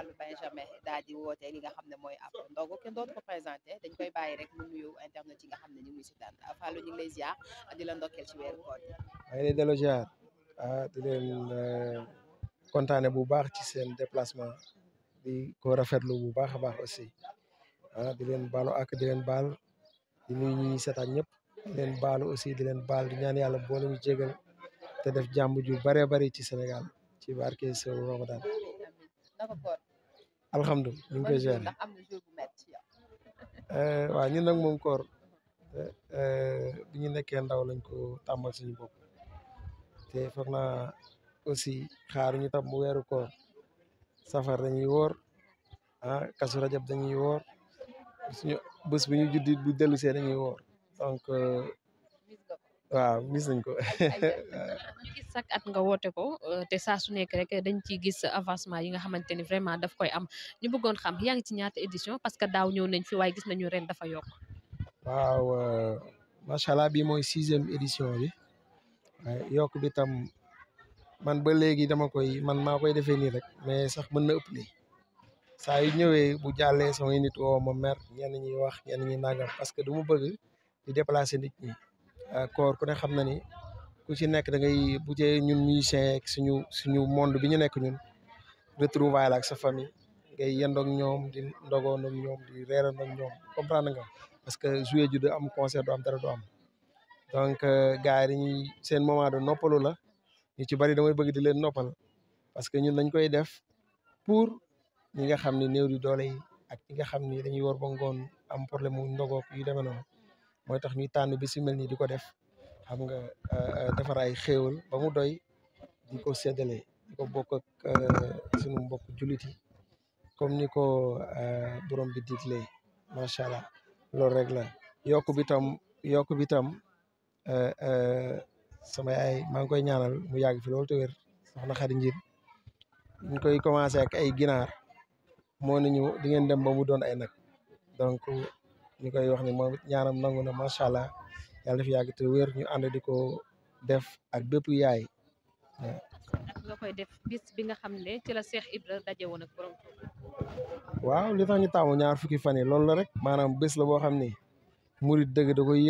Fallou Benjamin daal di woote nga xam ne mooy ab ndogu kenn dootu ko présenté dañ koy bàyyi rek mu nuyu internet yi nga xam ne ñu ngi si daan Fallou ñu ngi lay ziar di la ndokkeel ci weeru koor yi. maa ngi lay delloo ziar ah, di leen eh, kontaane bu baax ci seen déplacement di ko rafetlu bu baax a baax aussi ah di leen baalu ak di leen baal di nuyu ñi ñëpp leen baalu aussi di leen baal di ñaan yàlla boole ñu jégal te def jàmm ju bëree bëri ci Sénégal ci barke Sëru Ramadan. alhamdulilah ñu ngi koy gérer ndax am na jour bu eh, nag moom koor eh, eh, bi ñu nekkee ndaw lañ ko tàmbal suñu bopp te foog naa aussi xaaruñu tam bu weeru koor safar dañuy woor ah kasu rajab dañuy woor suñu bés bu ñu juddit bu dellu see dañuy woor donc euh, waaw gis nañ ko. ñu gis sax at nga woote ko euh, te saa su nekk rek dañ ciy gis avancement yi nga xamante ni vraiment daf koy am ñu bëggoon xam yaa ngi ci ñaata édition parce que daaw ñëw nañ fi waaye gis nañu ren dafa yokk. waaw euh, macha bii mooy sixième édition bi yokk bi tam man ba léegi dama koy man maa koy defee nii rek mais sax mën na ëpp nii saa yu ñëwee bu jàllee samay nit woo ma mer ñenn ñi wax ñenn ñi nangam parce que du mu bëgg di déplacer nit ñi. Euh, koor ku ne xam na ni ku ci nekk da ngay bu jee ñun musiciens yeeg suñu suñu monde bi ñu nekk ñun retrouvaille la ak sa famille ngay yendoog ñoom di ndogoondoog ñoom di reerandoog ñoom comprendre nga parce que joué ju du am concert du am am donc euh, gars yi dañuy seen moment de noppalu la ñu ci bari damay bëgg di leen noppal parce que ñun dañ koy def pour ñi nga xam ne néew di doole ak ñi nga xam ni dañuy war ba am problème mu ndogoog yu demee noonu mooy tax ñuy tànn bi si mel nii di ko def xam nga euh, euh, defar ay xéewal ba mu doy di ko séddale di ko bokk ak euh, sunu mbokk jullit yi comme ni ko borom bi diglee macha allah loolu rek la yokk bitam tam yokk bi tam sama yaay maa ngi koy ñaanal mu yàgg fi loolu te wér soxna xari njiit koy commencé ak ay ginaar moo ne ñu di ngeen dem ba mu doon ay nag donc ñu koy wax ni moom it ñaanam nangu na macha allah yàlla fi yàgg te wér ñu ànd di ko def ak bépp yaay. ak nga koy nga xam ne ci la Cheikh Ibra ñu taamu ñaar fukki fan yi loolu la rek maanaam bés la boo xam ni murit dëgg da koy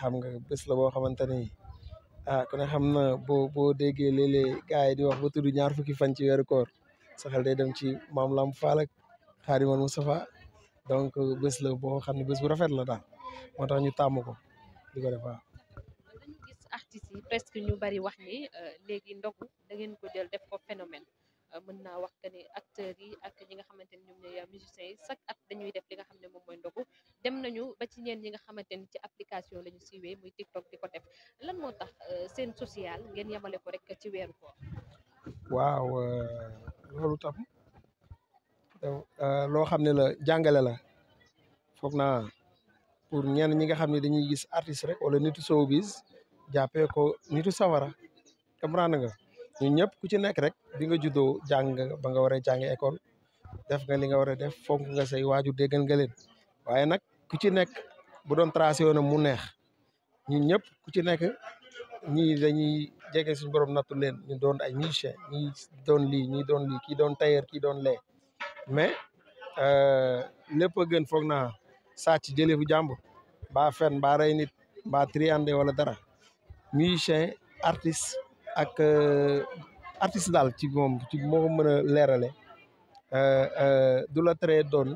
xam nga bés la boo xamante ni ah ku ne xam na boo boo déggee léeg-léeg yi di wax ba tudd ñaar fukki fan ci weeru koor sa xel day dem ci maam Lam Fall ak Xaadimal Mustafa donc bés la boo xam ne bés bu rafet la daal moo tax ñu tàmm ko di ko def gis artistes yi presque ñu bari wax ni euh, léegi ndogu da ngeen ko jël def ko phénomène euh, mën naa wax que ni acteurs yi ak ñi nga xamante ni ñoom ñooy musiciens yi chaque at dañuy def li nga xam ne moom mooy ndogu dem nañu ba ci ñeen ñi nga xamante ni ci application la ñu siiwee muy TikTok di ko def lan moo tax euh, seen social ngeen yemale ko rek ci weeru ko waaw loolu tam Euh, loo xam ne la jàngale la foog naa pour ñenn ñi nga xam ne dañuy gis artiste rek wala nitu showbiz jàppee ko nitu sawara comprendre nga ñun ñëpp ku ci nekk rek bi nga juddoo jàng ba nga ware a école def nga li nga war a def fonk nga say waajur déggal nga leen waaye nag ku ci nekk bu doon tracé yoonam mu neex ñun ñëpp ku ci nekk ñii dañuy jege suñu borom nattu leen ñu doon ay musicien ñii doon lii ñii doon lii kii doon tailleur kii doon lee mais euh, lépp a gën foog naa sàcc jëlee fu jàmbur mbaa fen mbaa rey nit mbaa triande wala dara musicien artiste ak euh, artiste daal ci ci moo mën a leerale euh, du la teree doon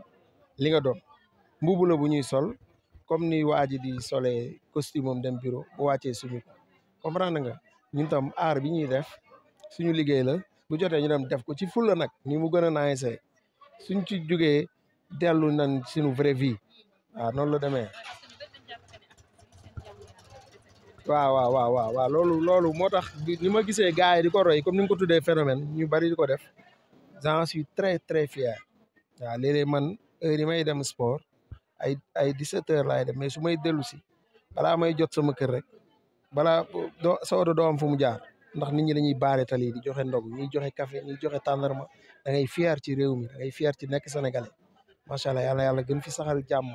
li nga doon mbubu la bu ñuy sol comme ni waa ji di solee costume am dem bureau bu wàccee suñu ko comprendre nga ñun tam aar bi ñuy def suñu liggéey la bu jotee ñu dem def ko ci fulla nag ni mu gën a naayisee suñ ci jógee dellu nañ suñu vraie vie waaw noonu la demee waaw waaw waaw waaw waaw loolu loolu moo tax ni ma gisee gars yi di ko roy comme ni nga ko tuddee phénomène ñu bari di ko def j'en suis très très fier waaw léeg man heure yi may dem sport ay ay 17 heures laay dem mais su may dellu si balaa may jot sama kër rek balaa doo sa oto fu mu jaar ndax nit ñi dañuy baare tali di joxe ndog ñuy joxe café ñuy joxe tàndarma da ngay fier ci réew mi da ngay fier ci nekk sénégalais macha allah yàlla yàlla gën fi saxal jàmm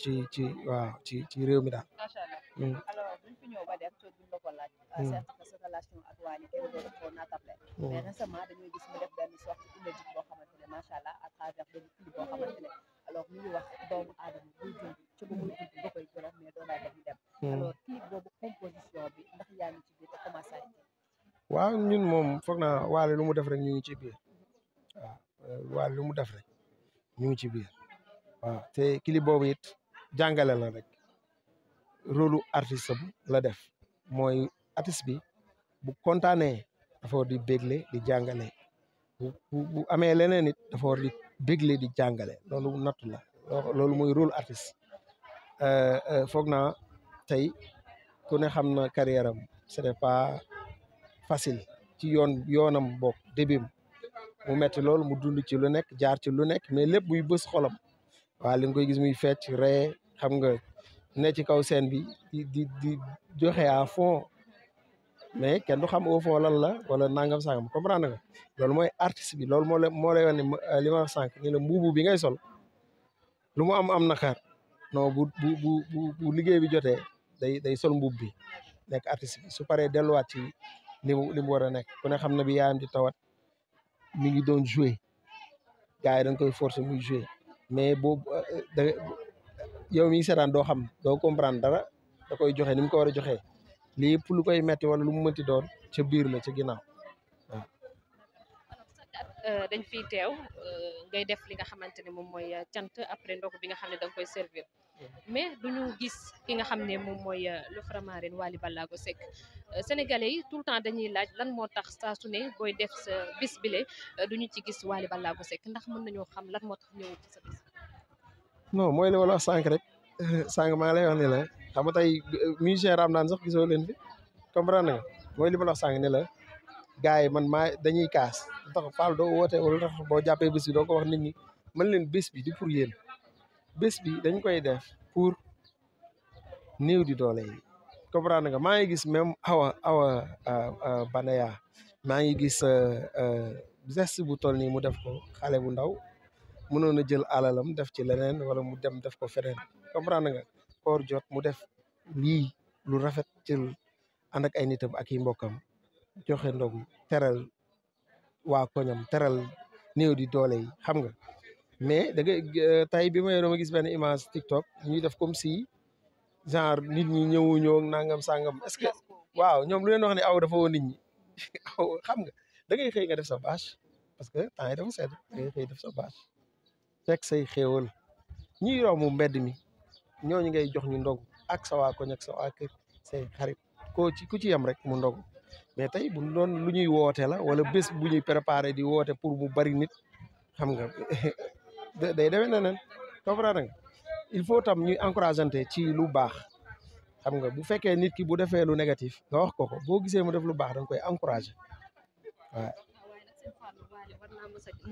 ci ci waaw ci ci réew mi daal. macha allah mm. alors buñ fi mm. ak waaw ñun moom foog naa waale lu mu def rek ñu ngi ci biir waaw lu mu def rek ñu ngi ci biir waaw te kili boobu it jàngale la rek rôle artiste la def mooy artiste bi bu kontaanee dafa war di bégle di jàngale bu bu amee leneen it dafa war di bégle di jàngale loolu nattu la loolu mooy rôle euh, euh, foog naa tey ku ne xam na carrière pas facile ci yoon yoonam boog début mu metti loolu mu dund ci lu nekk jaar ci lu nekk mais lépp muy bës xolam waaw li nga koy gis muy fecc ree xam nga ne ci kaw seen bi di di di joxe a fond mais kenn du xam o foo lan la wala nangam sangam comprendre nga loolu mooy artiste bi loolu moo moo lay wax ne li ma sànq ni bi ngay sol lu mu am am naqar non bu bu bu liggéey bi jote day day sol mbuub bi nekk artiste bi su paree delluwaat li mu li mu war a nekk ku xam ne bi yaayam di tawat mi ngi doon jouer gars yi dañ koy forcer muy jouer mais boobu euh, euh, da mi seetaan doo xam doo comprendre dara da koy joxe ni mu ko war a joxee lii yëpp lu koy metti wala lu mu mënti doon ca biir la ca ginnaaw waaw. Euh, dañ fi teew ngay def li nga xamante ne moom mooy cant après ndogu bi nga xam ne da koy servir. mais duñu gis ki nga xam ne moom mooy euh, le Faramareen Wally Ballago Seck euh, sénégalais yi tout le temps dañuy laaj lan moo tax saa su ne booy def sa bis bile euh, duñu ci gis Wally Ballago Seck ndax mën nañoo xam lan moo tax ñëwul ci mooy li wala sànq rek sànq maa ngi lay wax ni la xam nga tey musicien Ramdan gisoo leen fi comprendre nga mooy li ma la wax la gars yi man maa dañuy kaas tax Fall doo woote wala boo jàppee bis bi doo ko wax nit ñi man leen bis bi di pour yéen bés bi dañ koy def pour néew di doole yi comprendre nga maa ngi gis même awa awa euh, euh, banaya maa ngi gis euh, geste bu toll nii mu def ko xale bu ndaw mënoon a jël alalam def ci leneen wala mu dem def ko feneen comprendre nga jot mu def lii lu rafet jël ànd ak ay nitam ak i mbokkam joxe ndogu teral waa koñam teral néew di doole yi xam nga mais da nga euh, tey bi ma yoroo ma gis benn image TikTok ñuy def comme si genre nit ñi ñëwuñoo nangam sangam est-ce que waaw ñoom lu leen wax ne aw dafa woon nit ñi aw xam nga da ngay xëy nga def sa bâche parce que temps yi dafa sedd da xëy def sa bâche fekk say xéewal ñiy mu mbedd mi ñooñu ngay jox ñu ndog ak sa waa koñ ak sa kër say xarit koo ci ku ci yem rek mu ndog mais tey bu doon lu ñuy woote la wala bés bu ñuy préparé di woote pour mu bari nit xam nga day demee neneen comprendre nga il faut tam ñuy encourageante ci lu baax xam nga bu fekkee nit ki bu defee lu négatif nga wax ko ko boo gisee mu def lu baax danga koy encourager waaw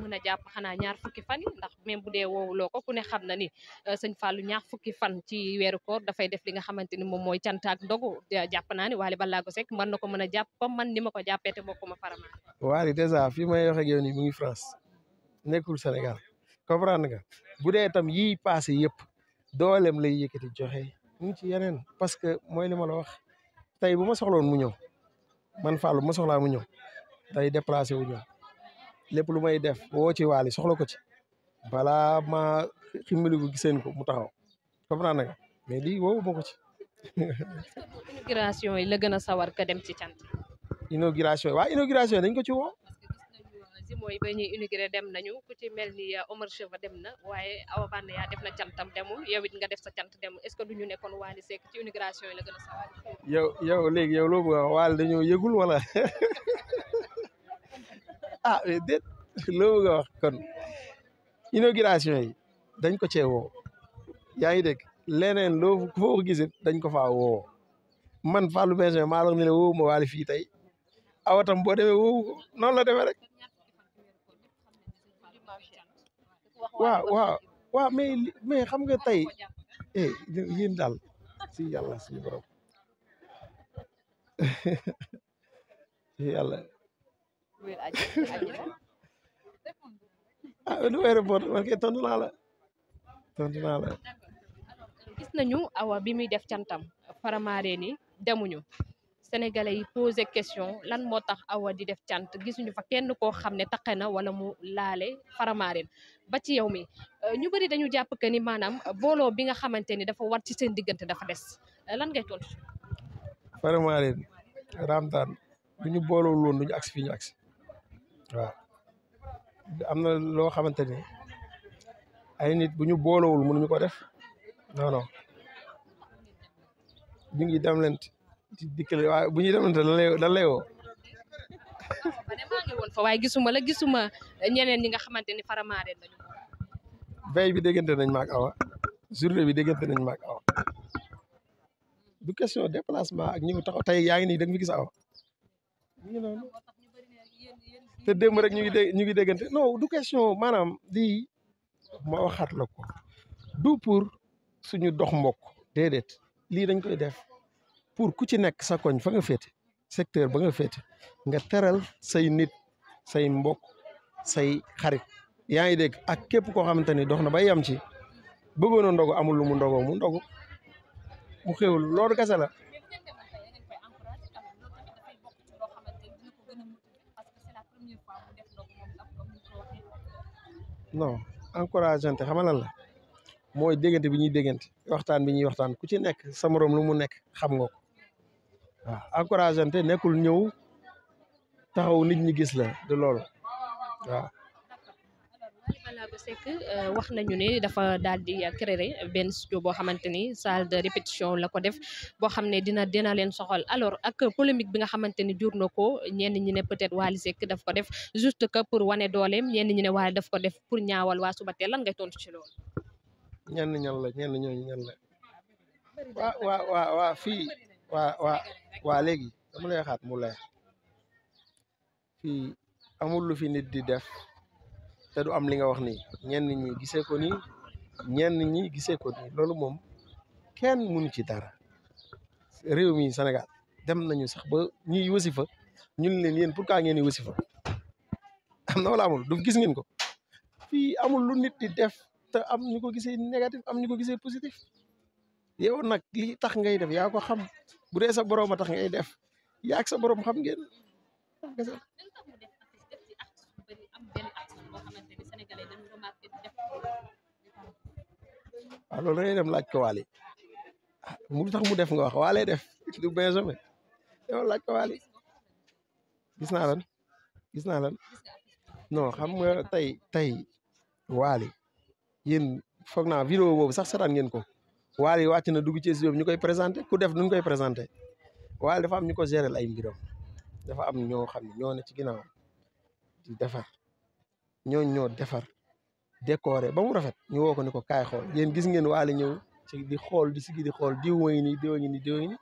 mën a jàpp xanaa ñaar fukki fan ndax même bu dee woowuloo ko ku ne xam na ni euh, sëñ Fallou ñaar fukki fan ci weeru koor dafay def li nga xamante ni moom mooy cant ak ndogu jàpp naa ni Wally Ballago Seck mën na ko mën a jàpp comme man ni ma ko jàppee te bokkuma farama. Wally dèjà fii may wax ak yow mu ngi France nekkul Sénégal. comprendre nga bu dee itam yiy passé yëpp dooleem lay yëkkati joxe mu ci yeneen parce que mooy li ma la wax tey bu ma soxloon mu ñëw man Fallou bu ma soxlaa mu ñëw tey déplacé wu ñëw lépp lu may def woo ci waali soxla ko ci balaa ma ximmiligu giseen ko mu taxaw comprendre nga mais lii woowu ma ko ci inauguration yi la a sawar ka dem ci cant inauguration yi waa inauguration yi dañ ko ci woo si mooy ba ñuy inauguré dem nañu ku ci mel ni euh, Omar Cheva dem na waaye Awa Bane yaa def na cantam demul yow nga def sa cant demul est ce que du ñu nekkoon Wally Seck ci inauguration yi la gën a sawar. yow yow léegi yow loo dañoo yëgul wala ah, a wax kon inauguration yi dañ ko cee woo yaa ngi dégg leneen loo foo dañ ko faa woo man Fallou Benjamin maa ne la woo ma Wally fii tey awatam boo demee woo noonu la demee rek. waaw waaw waaw xam nga tey eh yéen daal si yàlla suñu borom yàlla ah du may répondre parce que tontu naa gis nañu awa bi muy def cantam faramaaree ni demuñu sénégalais yi posé question lan moo tax awa di def cant gisuñu fa kenn koo xam ne taqe na wala mu laale faramaareen ba ci yow mi euh, ñu bëri dañu jàpp que ni maanaam euh, booloo bi nga xamante ni dafa war ci seen diggante dafa des euh, lan ngay tontu. faramaareen ramtaan bu ñu booloo loon duñu agsi ñu waaw am loo xamante ni ay nit bu ñu boolowul mënuñu ko def non non ñu ngi dem di dikkale waaye bu ñuy demante lan lay lan fa waaye gisuma la gisuma ñeneen ñi nga xamante ni faramaare lañu. veille bi déggante nañ maak awa journée bi déggante nañ maak awa du question déplacement ak ñi mu taxaw tey yaa ngi nii da nga fi gis awa. te démb rek ñu ngi dé ñu ngi déggante du question maanaam lii ma waxaat la ko du pour suñu dox mbokk déedéet lii dañ koy def. pour ku ci nekk sa koñ fa nga féete secteur ba nga féete nga teral say nit say mbokk say xarit yaa ngi dégg ak képp koo xamante ni dox na bay yam ci bëggoon a ndogu amul lu mu ndogoo mu ndogu mu xéwlu loolu kese la non encourageante xamal la mooy déggante bi ñuy déggante waxtaan bi ñuy waxtaan ku ci nekk sa morom lu mu nekk xam nga ko waaw ah. encourageante nekkul ñëw taxaw nit ñi gis la de loolu waaw. Ah. Wally Ballago Seck eh, wax nañu ne dafa daal di créer benn studio boo xamante ni salle de répétition la ko def boo xam ne dina dina leen soxal alors ak polémique bi nga xamante ni jur na ko ñenn ñi ne peut-être Wally Seck daf ko def juste que pour wane dooleem ñenn ñi ne Wally daf ko def pour ñaawal waa Subateel lan ngay tontu ci loolu. ñenn ñan la ñenn ñooñu ñan la. waa waa waa léegi dama lay waxaat mu leer fii amul lu fi nit di def te du am li nga wax nii ñenn ñi gisee ko nii ñenn ñi gisee ko nii loolu moom kenn mënu ci dara réew mi senegal dem nañu sax ba ñuy wasifa ñun leen yéen pourquoi ngeen di wasifa am na wala amul du gis ngeen ko fii amul lu nit di def te am ñu ko gisee négatif am ñu ko gisee positif yow nag li tax ngay def yaa ko xam bu dee sa borom a tax ngay def yaak sa borom xam ngeen. waaw ah, loolu ngay dem laaj ko Wally ah, mu tax mu def nga wax Wally def du Benjamin yow laaj ko Wally gis naa lan gis naa lan non xam nga tey tey Wally yéen foog naa vidéo boobu sax seetaan ngeen ko Wally wàcc na dugg ci studio bi ñu koy présenté ku def nu ñu koy présenté Wally dafa am ñu ko gérer ay mbiram dafa am ñoo xam ne ñoo ne ci ginnaaw di defar ñoo ñoo defar décoré ba mu rafet ñu woo ko ko kaay xool yéen gis ngeen Wally ñëw ci di xool di sigi di xool diw mooy nii diw ngi nii diw ngi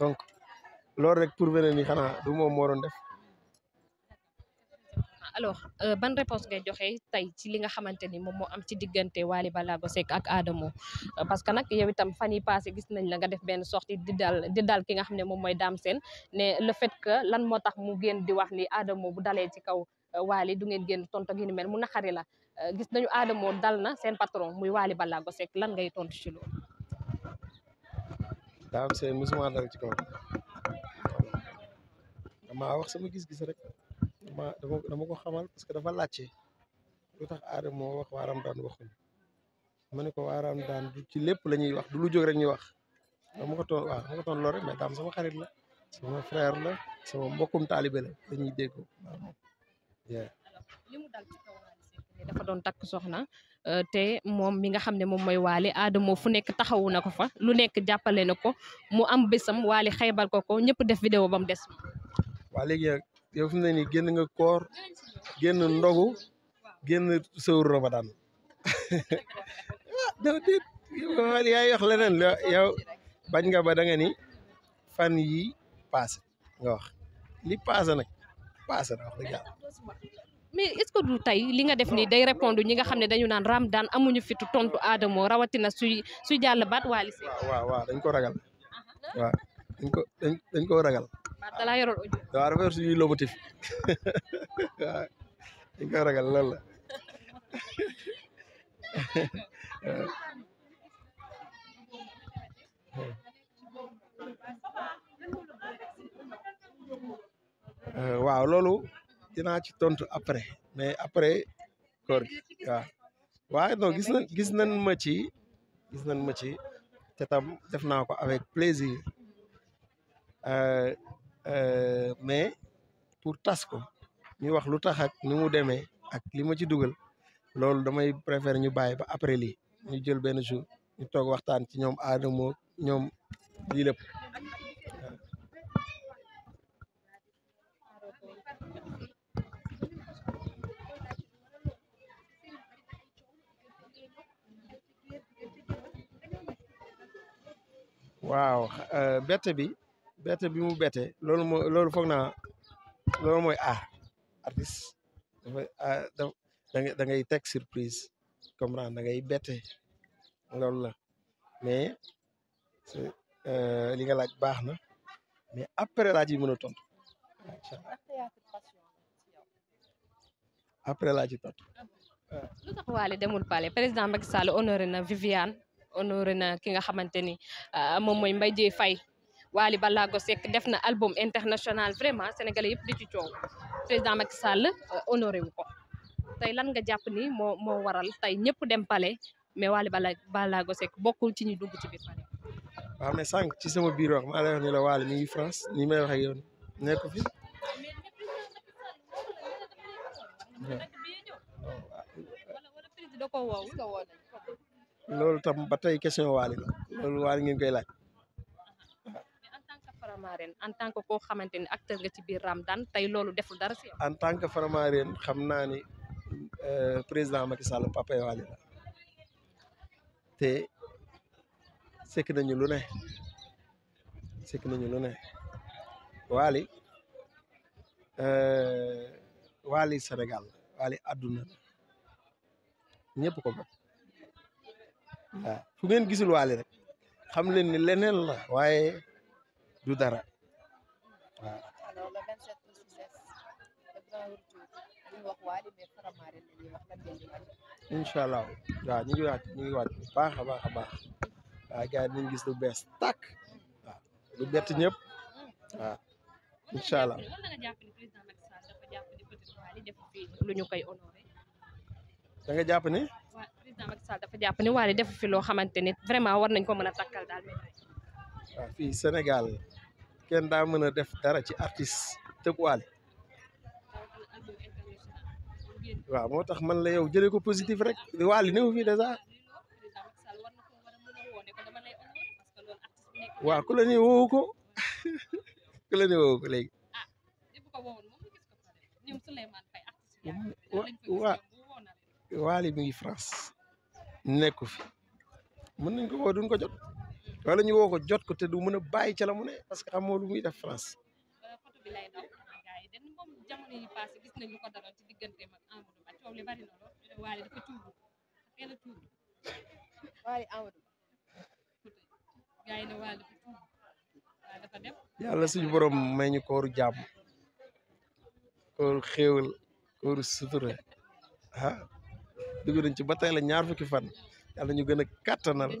donc loolu rek pour beneen ni xanaa du moom moo doon def alors euh, ban réponse ngay joxe tey ci li nga xamante ni moom moo am ci diggante Wally Ballago Seck ak Adamo euh, parce que nag yow itam fan yi passé gis nañ la nga def benn sortie di dal di dal ki nga xam ne moom mooy Dame Sène ne le fait que lan moo tax mu génn di wax ni Adamo bu dalee ci kaw euh, Wally du ngeen génn tontu gi ni mel mu naqari la gis nañu Adamo dal na seen patron muy Wally Ballago Seck lan ngay tontu ci loolu. Dame Sène musuma dal ci kaw damaa wax sama gis-gis rek. dama dama ko xamal parce que dafa laajte lu tax aadama moo wax waa Ramadaan waxuñu ma ne ko waa ci lépp la ñuy wax du lu jóg rek ñuy wax dama ko toon waaw mais daam sama xarit la sama frère la sama mbokkum taalibe la dañuy déggoo waaw moom li mu dal ci dafa doon takk euh, te moom mi nga xam ne moom mooy waale aadamoo fu nekk taxawu na ko fa lu nekk jàppale na ko mu am bésam waale xebal ko ko ñëpp def vidéo ba mu des. waa léegi yow fi mu ne nii génn nga koor génn ndogu génn sëwru Ramadan ah yaay wax leneen yow bañ nga ba da nga ni fan yi paase nga wax li paase nag paase na mais est-ce du tey li nga def nii day répondre ñi nga xam ne dañu naan daan amuñu fit tontu Adamo rawatina suy suy jàll baat Wally waaw waaw dañ ko ragal waaw ko dañ ko ragal. da laa yoroon audio. waaw dafa yor suñuy lomotif waaw dañ koy ragal loolu la. waaw ci tontu après mais après koor gi waaw waaye non gis nañ gis nañ ma ci gis nañ ma ci tam def naa ko avec plaisir euh, Euh, mais pour tas ko ñu wax lu taxak ak ni mu demee ak li ma ci dugal loolu damay préfère ñu bàyyi ba après lii ñu jël benn jour ñu toog waxtaan ci ñoom aadamo ñoom lii lépp waaw euh, bett bi bette bi mu bette loolu moo loolu foog naa mooy ah artiste dafay ah, da da ngay teg surprise comprendre da ngay bette loolu la mais euh, li nga laaj baax na mais après laa ciy mën a tontu après laaj ci tontu. lu tax Wally demul Palais président Macky Sall honoré na Viviane honoré na ki nga xamante ni ah, moom mooy Mbaye Dièye Wally Ballago Seck def na album international vraiment sénégalais yëpp di ci coow président Macky Sall euh, honoré wu ko tey lan nga jàpp ni moo moo waral tey ñëpp dem pale mais Wally Ballago Seck bokkul ci ñu dugg ci biir palais. waaw mais sànq ci sama biir wax mi ngi France ni may wax ak yow nekk fi. loolu tam ba tey question Wally la loolu Wally ngeen koy laaj. en tant que koo xamante ni acteur nga ci biir Ramadan tey loolu deful dara si en tant que Faramareen xam naa ni euh, président Macky Sall papa Waly la te sekk nañu lu ne sekk nañu lu ne Waly euh, Waly Sénégal Waly àdduna ñëpp ko bokk waaw fu ngeen gisul Waly rek xam leen ni leneen la waaye du dara waxtaanoo ah. le 27 pour 6 waaw ñu ngi waaj bu baax a baax a baax waaw gars gis lu bees tàkk waaw lu bett ñëpp mm. waaw incha allah. lu ñu koy honoré. da nga jàpp ni. waaw dafa jàpp ni waal def fi loo xamante ni vraiment war nañ ko mën a takkal daal. waaw fii Sénégal kenn daa mën a def dara ci artiste tëgwaale waaw moo tax man la yow jëlee ko positif rek waali néew fii dèjà waaw ku la ne woowu ko ku la ne woowu ko léegi mi ngi France nekku fi mën nañ ko woo duñ ko jot wala ñu woo ko jot ko te du mën a bàyyi ca parce que xamoo lu muy def France. Euh, yàlla suñu borom may ñu kooru jàmm kooru xéewal kooru sutura ah dugg nañ ci ba tey la ñaar fukki ñu gën a kàttanal.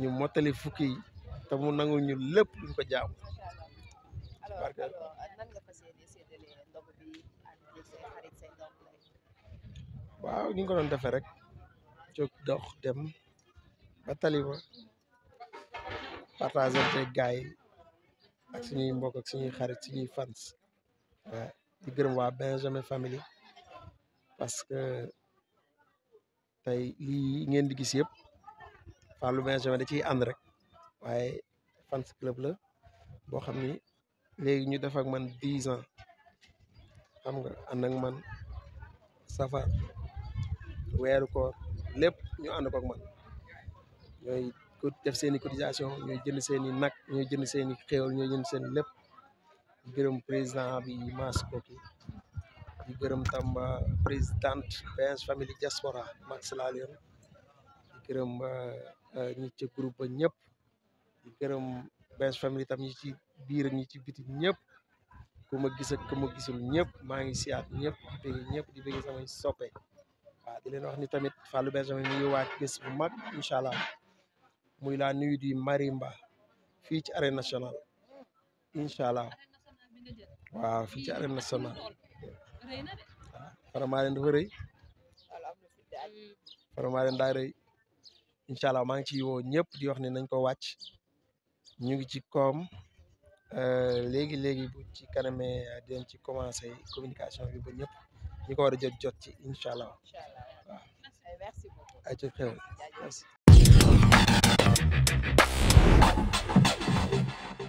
ñu mottali fukki yi mu nangu ñu lépp luñ ko jaamu waaw ñu ko doon defee rek jóg dox dem ba taliba partagé te gaay ak suñuy mbokk ak suñuy xarit suñuy fans waaw di gërëm waa Benjamin Family parce que tey lii ngeen di gis yëpp Fallou Benjamin da ciy ànd rek waaye fans club la boo xam ni léegi ñu def ak man dix ans xam nga ànd man safar weeru koor lépp ñu ànd ko man ñooy def seeni i cotisation ñooy jënd seen i nag ñooy jënd seeni i xéewal ñooy jënd seen lépp gërëm président bi maas kooki di gërëm tamba présidente BS Family Diaspora Max Lalion di gërëm euh, Euh, ñi ci groupe di gërëm Benz Family tam ñi ci biir ñi ci biti ñëpp kuma ma gis ak ku gisul ñëpp maa ngi siyaat ñëpp di bëgg ñëpp di bëgg samay soppe di leen wax ni tamit Fallou Benz Family mi ngi waaj bu mag incha allah muy laa nuit di Marimba fii ci arène nationale incha allah waaw fii ci arène nationale waaw daa rëy incha allah maa ngi ciy woo ñëpp di wax ne nañ ko wàcc ñu ngi ci koom euh, léegi léegi bu ci kanamee euh, dinañ ci commencé communication bi ba ñëpp ñi ko war a jot jot ci incha allah waaw. merci beaucoup